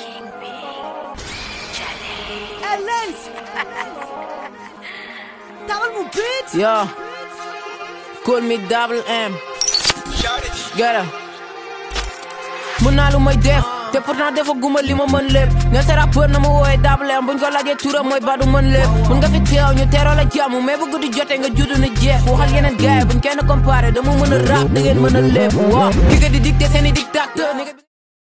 King Bee. Jenny. Alice! Double bitch! Yo. Call me Double M. Gotta. mën naa lu may def te pourtant defaguma li ma mën lépp nga sa rappeur na mo wooye Double M buñ ko laajee turam mooy badu mën lépp mën nga fi teew ñu tero la jamu, mais bu guddi jotee nga ni je. jeex waxal yeneen gaay buñ kenn comparé dama mën a rap da ngeen mën a lépp waaw di dikte seen i dictateur